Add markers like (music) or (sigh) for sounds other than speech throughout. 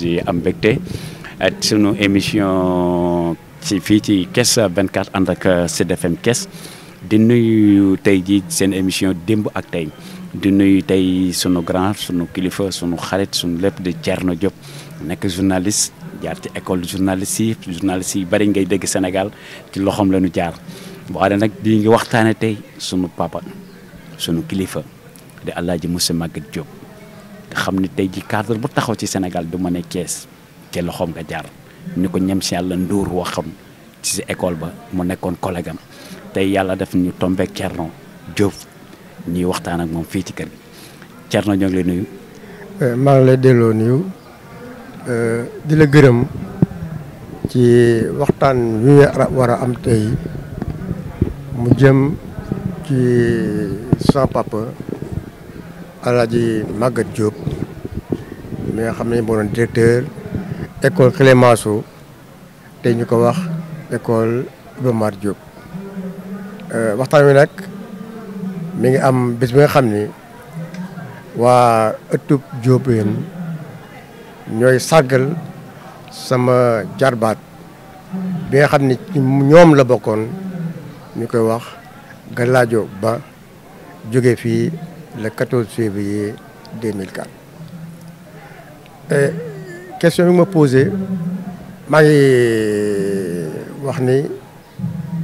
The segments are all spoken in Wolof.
di am mbégte ak sunu émission ci fii ci vingt 24 ànd ak Sud FM Thiès di nuyu tey jii seen émission démb ak tey di nuyu tey sunu grand sunu kilifa sunu xarit sunu lépp di Thierno Diop nekk journaliste jaar ci école journaliste yi journaliste yi bari ngay dégg Sénégal ci loxoom la ñu jaar waaye nag di ngi waxtaane tey sunu papa sunu kilifa di Alaaji Moussa màgget Diop. xam ni tey ji cadre bu taxaw ci senegal du ma ne Cees ci loxoom nga jaar ni ko ñem si yàlla nduur waxoon ci si école ba mu nekkoon collègue am tey yàlla def ñu tombé Thierno Diop ñuy waxtaan ak moom fii ci kër gi ñoo ngi lay nuyu. Euh, maa ngi delloo nuyu euh, di la gërëm ci waxtaan wi war a am tey mu jëm ci sa papa Alaaji Maguette Diop mi nga xam ne moo doon directeur école Clémenceau te ñu ko wax école Iba jóob euh, waxtaan wi nag mi ngi am bis bi nga xam ni waa ëttub Diop yéen ñooy sàggal sama jarbaat bi nga xam ni ñoom la bokkoon ñu koy wax Galadio Ba jóge fii le 14 février 2004. Et euh, question bi ma posé maa ngi euh, wax ni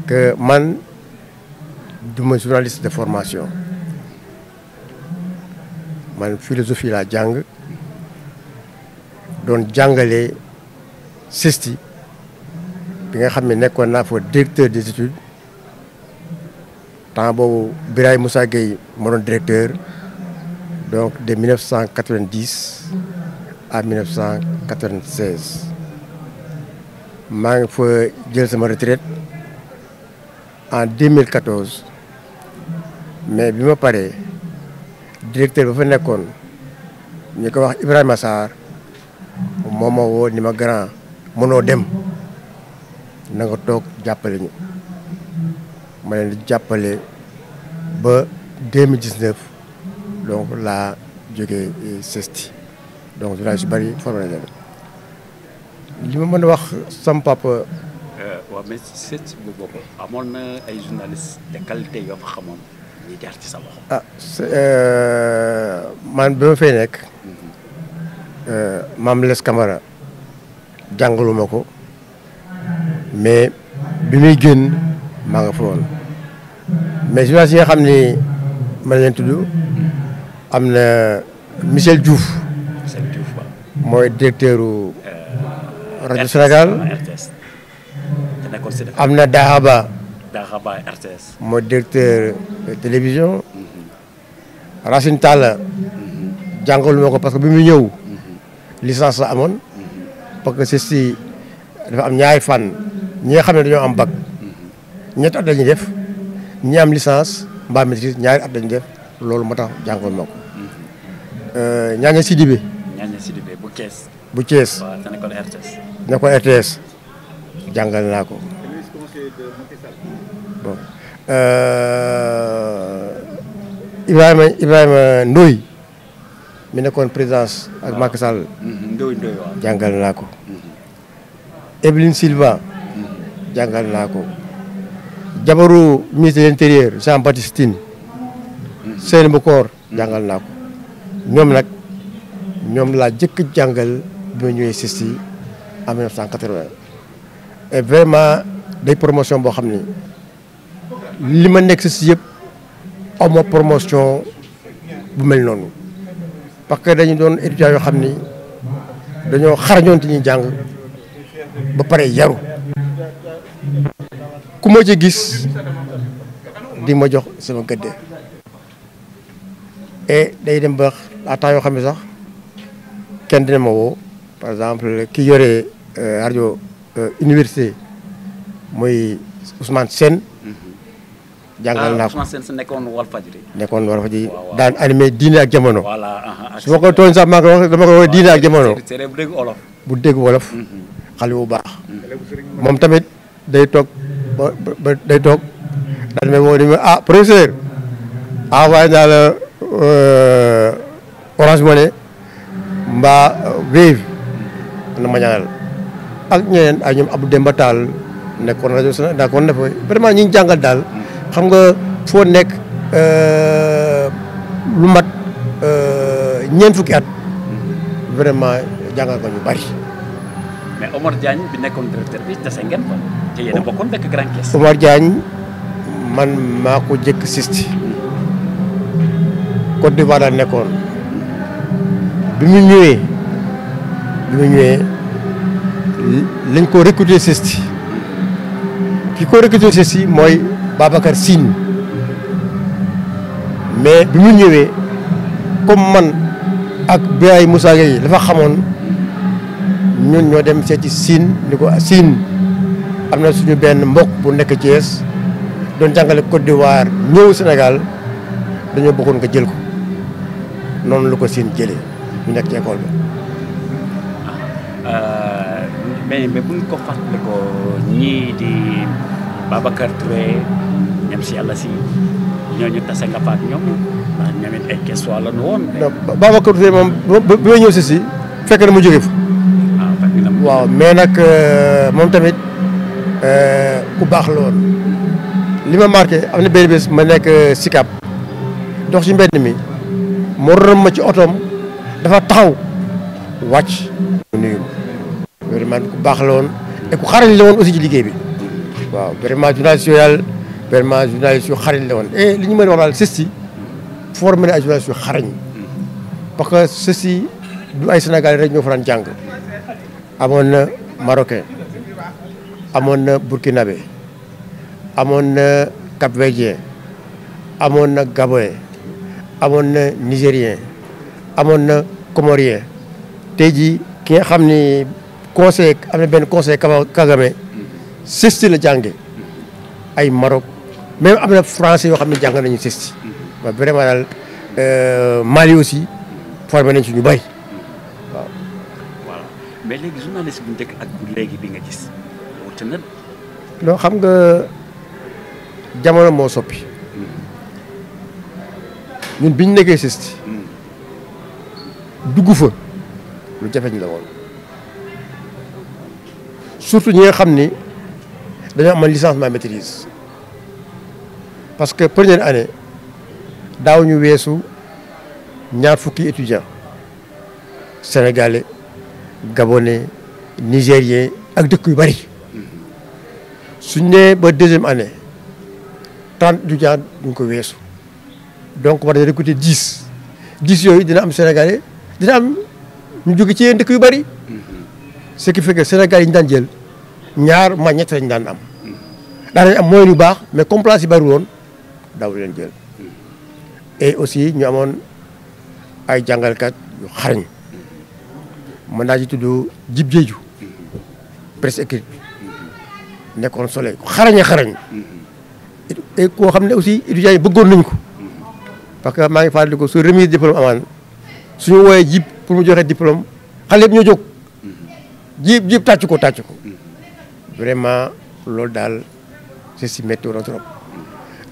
que man duma journaliste de formation man philosophie laa jàng doon jàngale CESTI bi nga xam ne nekkoon naa fa directeur des études. temps boobu Biraye Moussa Gueye moo doon directeur donc de 1990 à 1996 maa ngi fa jël sama retraite en 2014 mais bi ma paree directeur ba fa nekkoon ñu ko wax Ibrahima Sarr moo woo ni ma grand mënoo dem na nga toog jàppale ma leen di jàppale ba 2019 donc laa jógee CESTI donc village yu bëri formé li ma mën a wax sama papa. Euh, amoon na ay journalistes de qualité ah, euh, man bi ma fay nekk euh, maam Les Camara jàngaluma ko mais bi muy génn maa nga fa mais journaliste yi nga xam ni mën na leen am na Michel Diouf. mooy directeur u euh, rajo Sénégal am na Dahaba. Dahaba RTS. mooy directeur télévision. Mm-hmm. Racine Talla. Mm-hmm. jàngalu ko parce que bi muy ñëw. Mm-hmm. licence la amoon. parce que si dafa am ñaari fànn ñi nga xam ne dañoo am bac. ñetti at la def. ñi am licence mbaa maîtrise ñaari at dañu loolu moo tax jàngoon ma ko. Mm-hmm. Euh, ñaaña Sidibé. ñaaña Sidibé bu Thiès. bu Thiès waaw te nekkoon RTS. nekkoon jàngal naa ko. bon euh, Ibrahima Ibrahima nekkoon présidence ak Macky Sall. Mm-hmm, Ndoye Ndoye naa ko. Evelyne Silva jàngal naa ko. Mm-hmm. jabaru ministre de l'intérieur Jean Baptiste Tine bu koor jàngal naa ko ñoom nag ñoom laa jëkk jàngal bi ma ñëwee CISTI en 1980 et vraiment day promotion boo xam ni li ma nekk CISTI yëpp amoo promotion bu mel noonu parce que dañu doon étudiants yoo xam ni dañoo xarañoon ci ñuy jàng ba pare yaru ku ma ci gis di ma jox sama gëdde et day dem ba à yoo xam ne sax kenn dina ma woo par exemple ki yore euh, rajo euh, université mooy Ousmane Sène mhm. jàngal naa ah, ko nekkoon Walfadjri nekkoon Walfadjri daan animé diine ak jamono. Ah, ah, su ma ko tooñ sax maa ko wax dama ko wax diine ak jamono. bu dégg wolof. Mhm. xale bu baax. Mhm. moom tamit day toog ba day toog daal mais moo di ah professeur envoyé naa la Orange Money mbaa Wave na ma ñaanal ak ñeneen ak ñoom Abdou Demba Tall nekkoon rajo Sénégal daa ko na fa vraiment ñi ngi jàngal daal xam nga foo nekk euh, lu mat euh, ñeent fukki at vraiment jàngal ko ñu bari mais Omar Diagne bi nekkoon directeur bi dese ngeen ko te yéen a bokkoon dëkk man maa ko jëkk sisti Côte d'Ivoire daal nekkoon bi mu ñëwee bi mu ñëwee lañ ko recruter sisti ki ko recruter sisti mooy Babacar Sine mais bi mu ñëwee comme man ak Biaye Moussa Gueye dafa xamoon. ñun ñoo dem seeti Sine ni ko Sine am na suñu benn mbokk bu nekk Thiès doon jàngale Côte d'Ivoire ñëw Sénégal dañoo bëggoon nga jël ko noonu lu ko Sine jëlee ñu nekk ci école bi. Ah, euh, mais mais buñ ko fàttalikoo ñii di Babacar Touré ñam si yàlla si ñooñu tase nga fa ak ñoom ndax ñoom it ay question la ñu woon. Babacar Touré moom bi ma ñëw si si fekk na mu jógee fa. waaw mais nag euh, moom tamit euh, ku baax la woon li ma marqué am na benn bés ma nekk euh, Sicap dox ci mbedd mi mu rëm ma ci otoom dafa taxaw wàcc. nuyu vraiment ku baax la woon et ku xarañ la woon aussi ci liggéey bi waaw vraiment journaliste yooyu daal vraiment journaliste yu xarañ la woon et li ñu mën a wax daal sës si formé na ay journaliste yu xarañ parce que sës si du ay Sénégalais rek ñoo fa daan jàng. amoon na marocain amoon na burkinabé amoon na capverdien amoon na gabon amoon na nigérien amoon na comorien tey jii ki nga xam ni conseil am na benn conseil Kagame CESTI la jànge ay Maroc même am na français yoo xam ne jàng nañu CESTI ba vraiment daal euh, Mali aussi formé nañ si ñu bay mais léegi journaliste bu njëkk ak léegi bi nga gis wute na. non xam nga jamono moo soppi. Hmm. ñun biñ nekkee sist hmm. dugg fa lu jafeñ la woon surtout ñi nga xam ni dañoo amoon licenciement maîtrise parce que première année daaw ñu weesu ñaar fukki étudiants sénégale gabonais nigériens ak dëkk yu bari suñ nee ba deuxième année trente étudiants duñ ko weesu donc war nañ recruter dix dix yooyu dina am sénégalais dina am ñu jóge ci yeneen dëkk yu bari ce qui fait que sénégalais yi ñu daan jël ñaar ma ñett lañ daan am daanañ am moyen baax mais comme yi bari woon daaw leen jël aussi ñu ay jàngalkat yu xarañ mën naa ci tudd Djib Diédhiou presse écrite bi nekkoon soleil ku xarañ a koo xam ne aussi étudiants yi bëggoon nañ ko parce que maa ngi fàttali ko su remise diplôme amaan suñu wooyee Djib pour mu joxe diplôme xale yëpp ñoo jóg Djib Djib tàcc ko tàcc ko vraiment loolu daal c'est si métti trop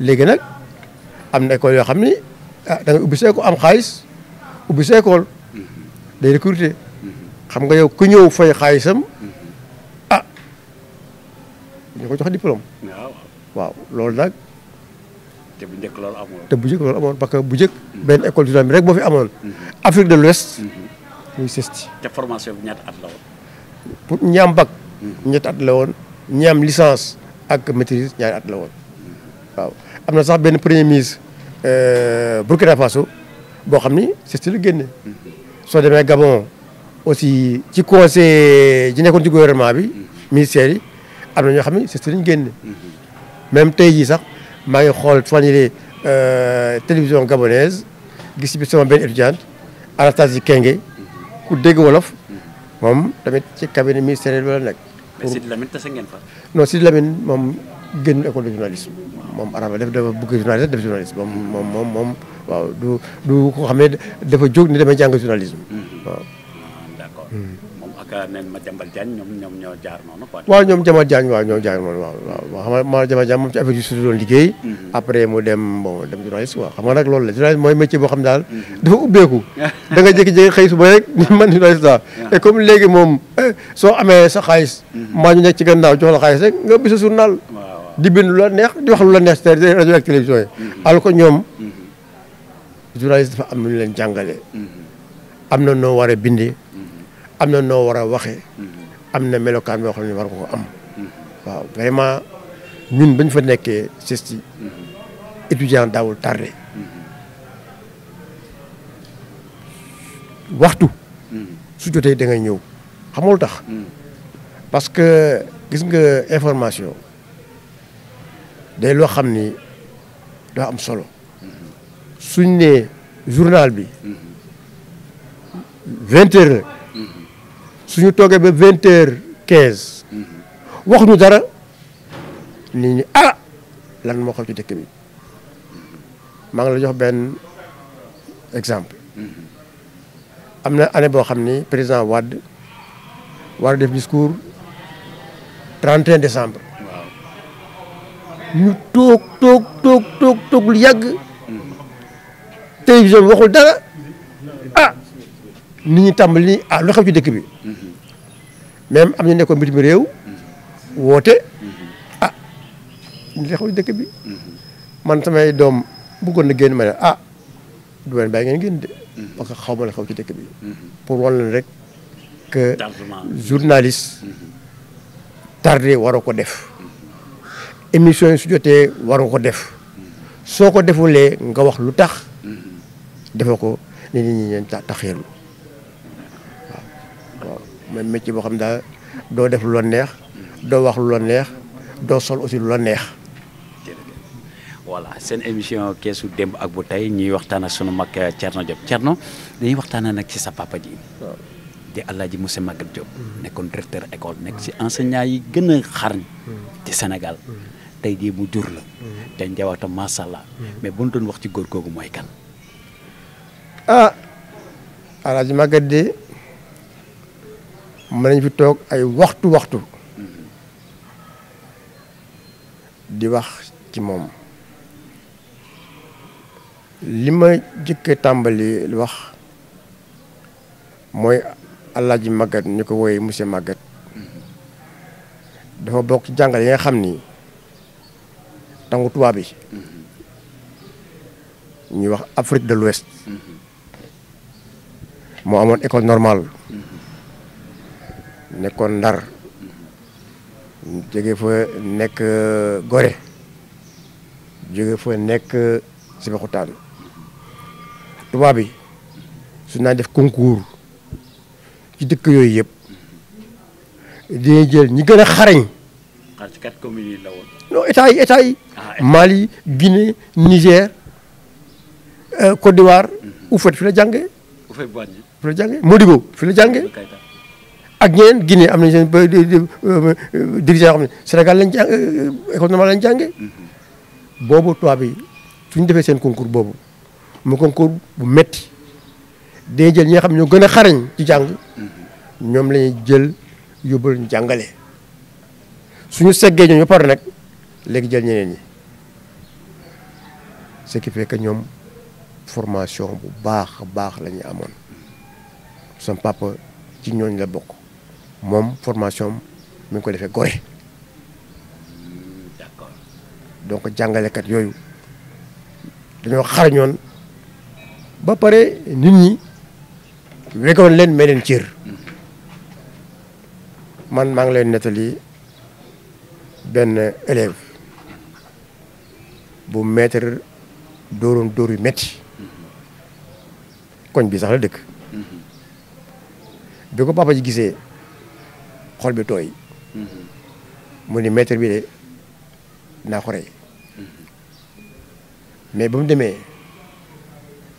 léegi nag am na école yoo xam ni ah da ubbi sa am xaalis ubbi sa école day xam nga yow ku ñëw fay xaalisam mm-hmm. ah ñu ko jox diplôme. waaw waaw loolu nag. te bu njëkk loolu amoon. te bu njëkk parce que bu njëkk. Mm-hmm. benn école dynamique rek boo fi amoon. Mm-hmm. Afrique de l'Ouest. muy CESTI. te formation bi ñaata at la woon. pour ñi am at la woon ñi am licence ak maîtrise ñaari at la woon am na sax benn premier ministre euh, Burkina Faso boo xam ni CESTI la génne. soo demee Gabon. aussi ci conseil ji nekkoon ci gouvernement bi ministère yi am na ñoo xam ne c'est lañ génn même tey jii sax maa ngi xool fan yii euh, télévision gabonaise gis bi sama benn étudiante Anastasie Kenge ku dégg wolof moom tamit ci cabinet ministériel bi la nekk. mais Sidi Lamine ngeen fa. non Sidi Lamine moom génn école de moom arabe def dafa def journalisme moom moom moom moom waaw du du ko xam ne dafa jóg ni damay jàng journalisme mm-hmm. moom ak nen ma jambal Diagne ñoom ñoom ñoo jaar noonu quoi. waaw ñoom jambal Diagne waaw ñoo jaar noonu waaw waaw xam nga ma jambal Diagne moom ci affaire yu suñu doon liggéey. Mm-hmm. après mu dem bon dem journaliste quoi xam nga nag loolu la journaliste mooy métier boo xam daal. Mm-hmm. dafa ubbeeku. (laughs) da nga jékki-jékki xëy suba rek (laughs) man journaliste daal. et comme léegi moom eh, soo amee sa xaalis. maa mm-hmm. ñu nekk ci gannaaw jox la xaalis rek nga bisa journal. di bind lu la neex di wax lu la neex te rajo ak télévision yi. alors que ñoom. journaliste dafa am lu ñu leen jàngalee. am na noo war a bindee. am na noo war a waxee am na melokaan boo xam ne war nga ko am waaw vraiment ñun bañ fa nekkee CESTI étudiant daawul tardé waxtu su jotee dangay ñëw xamul tax parce que gis nga information day loo xam ni daa am solo suñ ne journal bi vingt ñu toogee ba vingt heures quinze wax ñu dara nit ñi ah lan moo xam ci dëkk bi maa ngi la jox benn exemple am na année boo xam ni président Wade war a def discours 31 décembre ñu toog toog toog toog lu yàgg mm-hmm. télévision bi waxul dara nit ñi tàmbali ni ah lu xew ci dëkk bi même am ñu nekkoon bitim réew woote ah li xew ci dëkk bi man samay doom bëggoon na génn ma ne ah du leen bàyyi ngeen génn de parce que xaw ma la xew ci dëkk bi pour wan leen rek que journaliste waroo ko def émission su jotee waroo ko def soo ko defulee nga wax lu tax defoo ko nit ñi ñeen taxiirlu mooy métier boo xam ne daal doo def lu neex doo wax lu la doo sol aussi lu la neex. voilà seen émission keesu démb ak bu tey ñuy waxtaan ak sunu mag euh, Thierno Diop Thierno dañuy waxtaan nag ci sa papa ji. di Alaaji Moussa Maguette Diop. nekkoon directeur école nekk ci enseignant yi gën a xarñ ci Sénégal. tey jii mu jur la. te njabootam macha allah. mais bu ñu doon wax ci góor googu mooy kan. ah Alaaji Maguette de. mën nañ fi toog ay waxtu waxtu di wax ci moom li ma jëkk tàmbali wax mooy Alaaji Maguette ñu ko wooyee monsieur Maguette dafa bokk ci jàngale yi nga xam ni tangu tubaab bi ñuy wax Afrique de l'Ouest moo amoon école normal nekkoon ndar jóge fa nekk euh, gore jóge fa nekk euh, Sébikotane tubaab bi su naa def concours ci dëkk yooyu yëpp dina jël ñi gën a xarañ. xar yi la woon. non état ah, Mali Guinée Niger euh, Côte d'Ivoire. Houphouët mhm. fi la jàngee. Houphouët Boigny fi la jàngee Modibo fi la jàngee. ak ñeneen Guinée am na seen euh, dirigeant xam ne Sénégal lañ jàng euh, économie lañ jàngee mm-hmm. boobu tubaab yi ñu defee seen concours boobu mu concours bu metti day jël ñi xam ñoo gën a xarañ ci jàng mm-hmm. ñoom lañuy jël yóbbal ñu jàngale suñu seggee ñoom ba pare nag léegi jël ñeneen ñi ce qui fait que ñoom formation bu baax baax lañuy amoon sama papa ci ñooñ la bokk moom formation mi ngi ko defee Gorée d'accord donc jàngalekat yooyu dañoo xarañoon ba pare nit ñi wegoon leen meleen cër man maa ngi leen nettali benn élève bu maître dóoroon dóor yu métti mm-hmm. koñ bi sax dëkk mm-hmm. bi ko papa ji gisee xol bi tooy. Mm-hmm. mu ni maître bi de naa ko rey mm-hmm. mais ba mu demee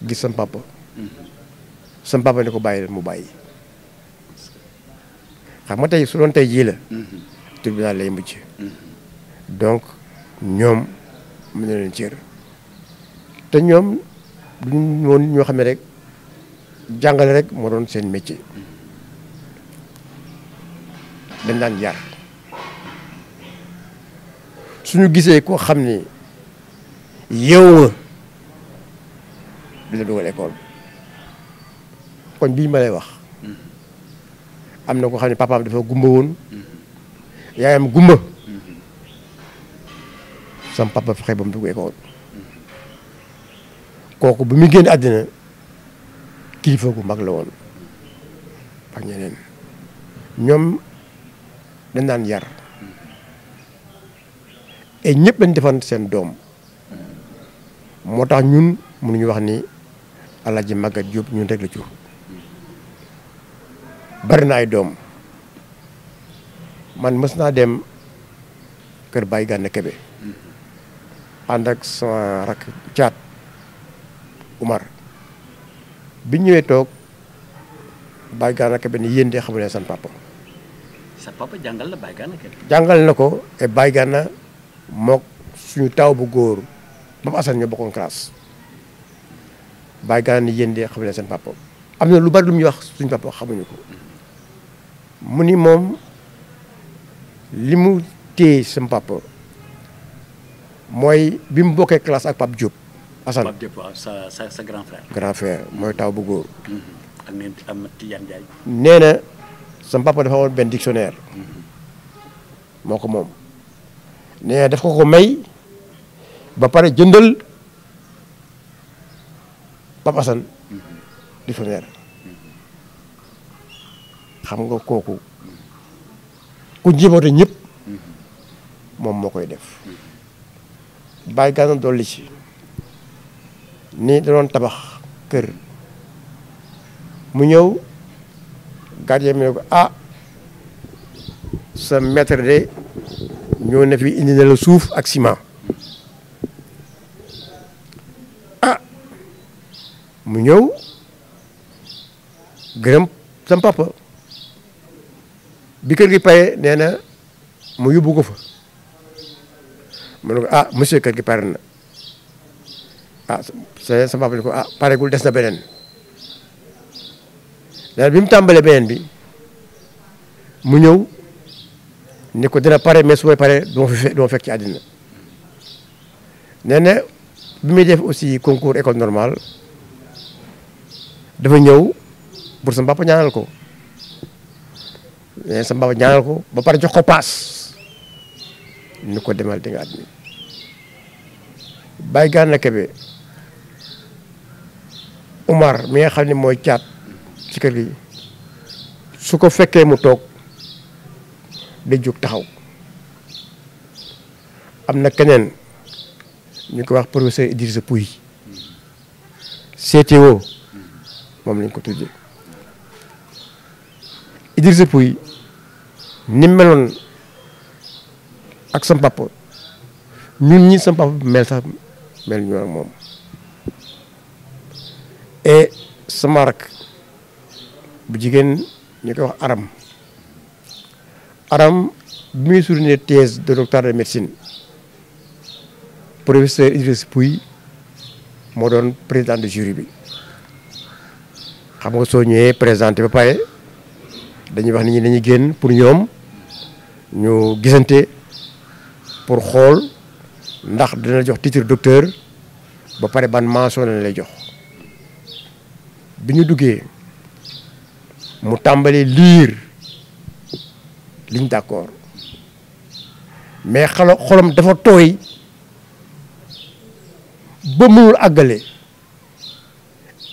gis sam papa. Mm-hmm. sam ne ko bàyyi mu bàyyi. xam nga tey su doon tey jii la. tribunal lay mujj. donc ñoom mu ne leen cër te ñoom duñ ñoo xam ne rek jàngale rek moo doon seen métier. dañ daan yar suñu gisee koo xam ni yow du la dugal école kon bii ma lay wax am na koo xam ne papaam dafa gumba woon yaayam gumba sam papa fexe mu dugg école kooku bu muy génn àddina kilifa gu mag la woon ak ñeneen ñoom dañ daan yar et ñëpp dañ defan seen doom moo tax ñun mënuñu wax ni Alaaji Maguette Diop ñun rek la jur bari na ay doom man mës naa dem kër Baye Gane Kebe ànd ak sama rakk caat Umar bi ñëwee toog Baye Gane Kebe ni yéen de xamu seen papa sa papa jàngal la Baye Gana jàngal na ko et Baye Gana mook suñu taw bu góor Mame Assane ñoo bokkoon classe Baye Gana ni yéen de xam ne seen papa am na lu bari lu muy wax suñu papa xamuñu ko mu ni moom li mu téye sama papa mooy bi mu bokkee classe ak Pape Diop. Assane Pape Diop sa sa grand frère. mooy taw bu góor. Mm-hmm. ak sam papa dafa amoon benn dictionnaire moo ko moom nee daf ko ko may ba pare jëndal Papa Assane dictionnaire xam nga kooku ku njiboote ñëpp moom moo koy def bàyyi gànna dolli ci ni da doon tabax kër mu ñëw gardien bi ne ko ah sa maître de ñoo ne fi indi la suuf ak ciment ah mu ñëw gërëm sam papa bi kër gi paye nee na mu yóbbu ko fa mu ne ko ah monsieur kër gi pare na ah sa sa papa ne ko ah paregul des na beneen daal bi mu tàmbalee beneen bi mu ñëw ni ko dina pare mais su pare du ma fekk ci àddina nee na bi muy def aussi concours école normale dafa ñëw pour sa papa ñaanal ko sa papa ñaanal ko ba pare jox ko paas ni ko demal di nga àddina bàyyi gànnaaw kebe Umar mi nga xam ne mooy caat. ci gi su ko fekkee mu toog day jóg taxaw am na keneen ñu ko wax professeur Idrissa Pouy CTO moom lañ ko tuddee Idrissa Pouy ni meloon ak sam papa ñun ñi sam papa mel sax mel ñu ak moom et sama rak bu jigéen ñu koy wax aram aram bi muy soutenir thèse de docteur de médecine professeur Idriss Pouy moo doon président de jury bi xam nga soo ñëwee présenté ba pare dañuy wax nit ñi dañuy génn pour ñoom ñu gisante pour xool ndax dina jox titre docteur ba pare ban mention lañ lay jox bi ñu duggee. mu tàmbali liir liñ d'accord mais xalo xolam dafa tooy ba mënul àggale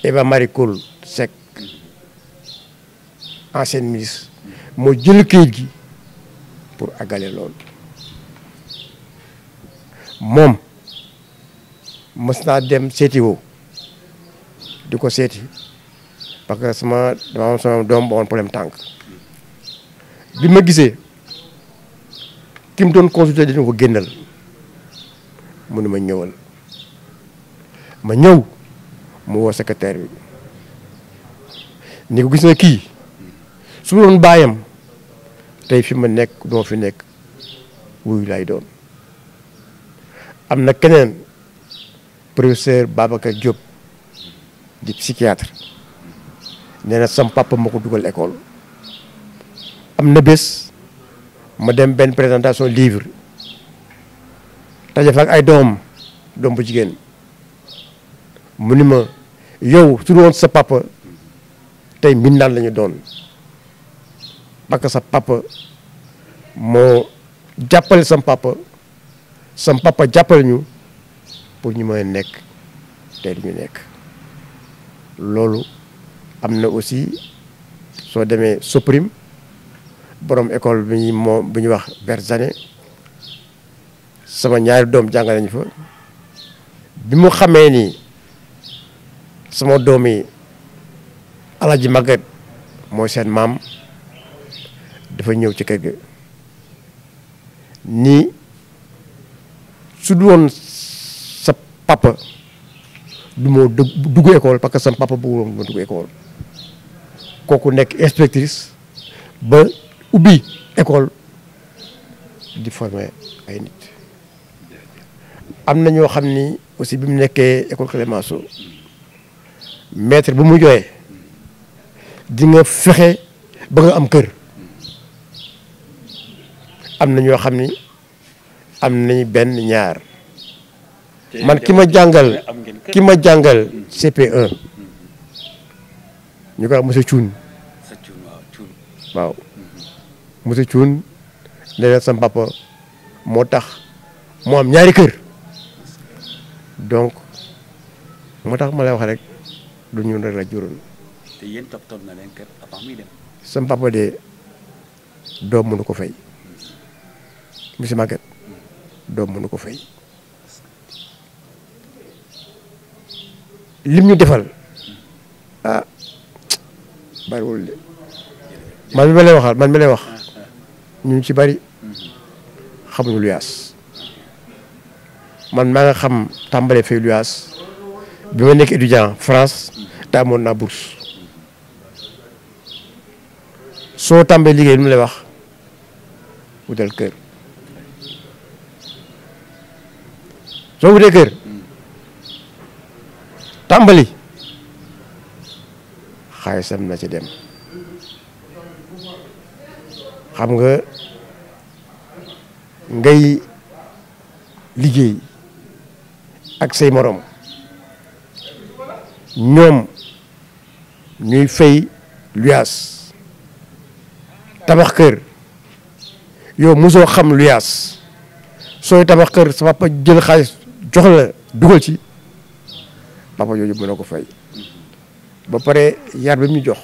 Eva Marie Coll Seck ancienne ministre moo jël kayit gi pour àggale loolu moom mës naa dem seeti woo di ko seeti parce que sama dama doom bu woon problème tànk bi ma gisee ki mu doon consulté dañu ko génnal mu ne ma ñëwal ma ñëw mu woo secrétaire bi ni ko gis na kii su doon bàyyam tey fi ma nekk doo fi nekk wuyu lay doon am na keneen professeur Babacar Diop di psychiatre nee na sam papa ma ko dugal école am na bés ma dem benn présentation livre tajafaak ay doom doom bu jigéen mu ni ma yow su woon sa papa tey min naan lañu doon parce sa papa moo jàppale sam papa sam jàppale ñu pour ñu mën nekk tey li nekk loolu am na aussi soo demee Soprim boroom école bi ñu moom bu ñuy wax Berzane sama ñaari doom jàng nañ fa bi mu xamee ni sama doom yi Alaji Maguette mooy seen maam dafa ñëw ci kër gi ni su du sa papa. du ma dugg école parce que sama papa bëggoon ma dugg école kooku nekk inspectrice ba ubbi école di former ay nit. am na ñoo xam ni aussi bi mu nekkee école Clémenceau maître bu mu joxee di fexe ba nga am kër am na ñoo xam ni am nañ benn ñaar. man ki ma jàngal ki ma jàngal CP1 e. ñu koy wax monsieur Thioune waaw monsieur Thioune nee sama papa moo tax moo am ñaari kër donc moo tax ma lay wax rek du ñun rek la juróon te na leen kër avant muy dem sama papa de doom mënu ko fay monsieur Maguette doom mënu ko fay lim ñu defal ah bariwul de man mi ma man mi lay wax ñun ci bari xamuñu luyaas man maa nga xam tàmbalee fay luyaas bi ma nekk étudiant France te amoon naa bourse soo tàmbee liggéey lu mu wax wutal kër soo wutee kër. tàmbali xaalisam na ci dem xam nga ngay liggéey ak say moroom ñoom ñuy fay luyaas tabax kër yow mosoo xam luyaas sooy tabax kër sa papa jël xaalis jox la dugal ci papa jooju mën na ko fay ba pare yar bi mu jox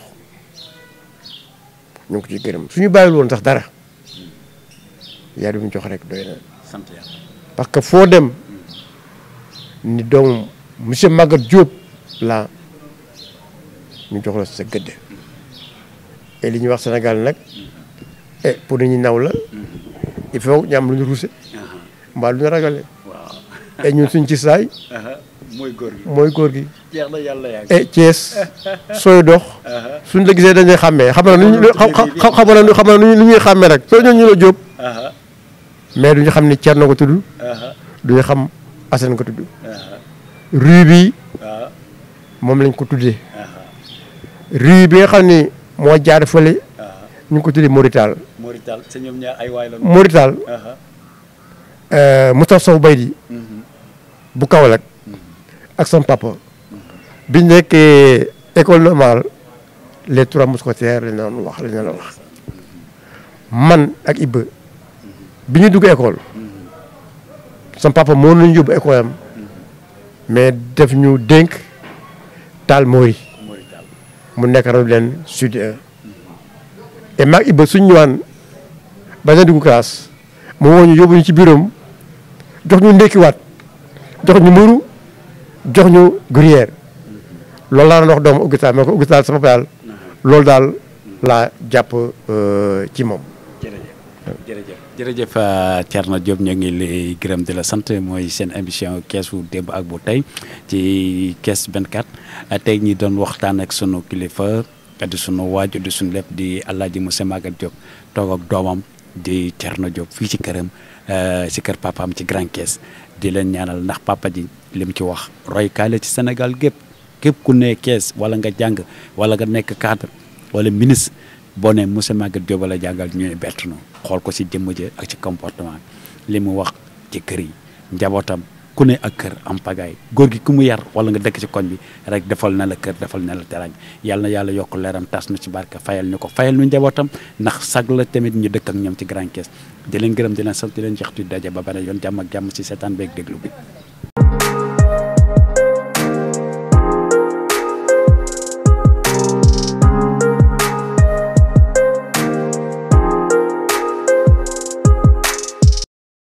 ñu ngi ko ci gërëm suñu bàyyil woon sax dara yar bi ñu jox rek doy na sant yàlla que foo dem ni doom monsieur Maguette Diop la ñu jox la sa gëdd et li ñuy wax senegal nag et eh, pour nit ñu naw la il faut ñu am lu ñu ruuse uh-huh. mbaa lu ñu ragale et ñun suñ ci saay uh-huh. mooy góor gi mooy góor gi. jeex na yàlla yaa eh, Thiès sooy dox. Uh-huh. suñ la gisee dañuy xàmmee xam na nu ñuy xam na xam na nu ñuy xàmmee rek soo ñëw ñu la jóob. Uh-huh. mais duñu xam ni Thierno ko tudd. Uh-huh. duñu xam Assane ko tudd. rue bi moom lañ ko tuddee. rue bi nga xam ni moo jaar fële. ñu ngi ko tuddee Morital. Morital te ñoom ñaar ay waay la. Morital. Eh, ak sama papa biñ nekkee école normale les trois mousquetaires lañ doon wax lañ doon wax man ak Ibba bi ñu dugg école sama papa moo nañu yóbbu école am mais def ñu dénk taal mooy mu nekkaroon leen sud e. et maag Ibba suñ ñëwaan ba na dugg classe mu woo ñu yóbbu ñu ci biiroom jox ñu ndékkiwaat jox ñu muru jox ñu gruyère loolu laa doon wax doomu Augustin ma ko Augustin sama payal loolu daal laa jàpp euh, ci moom. jërëjëf jërëjëf euh, Thierno Diop ñu ngi lay gërëm di la sant mooy seen émission keesu démb ak bu tey ci kees 24 tey ñi doon waxtaan ak sunu kilifa di sunu waajur di sunu lépp di Alaaji Moussa Maguette Diop toog ak doomam. di na Diop fii ci këram si eh, kër papaam ci Grand Thiès di leen ñaanal ndax papa ji lim ci wax roy la ci Sénégal gépp képp ku ne Thiès wala nga jàng wala nga nekk cadre wala ministre boo ne monsieur Maguette Diop la jàngal ñooy ne bett na xool ko si jëmm jë ak ci comportement li mu wax ci kër yi njabootam. ku ne ak kër am pagaay góor gi ku mu yar wala nga dëkk ci koñ bi rek defal na la kër defal na la terañ yàlla na yàlla yokk leeram tas na ci barke fayal ñu ko fayal ñu njabootam ndax sag la tamit ñu dëkk ak ñoom ci grand caisse di leen gërëm di leen sant di leen jox di daje ba bare yoon jàmm ak jàmm ci seetaan beeg déglu bi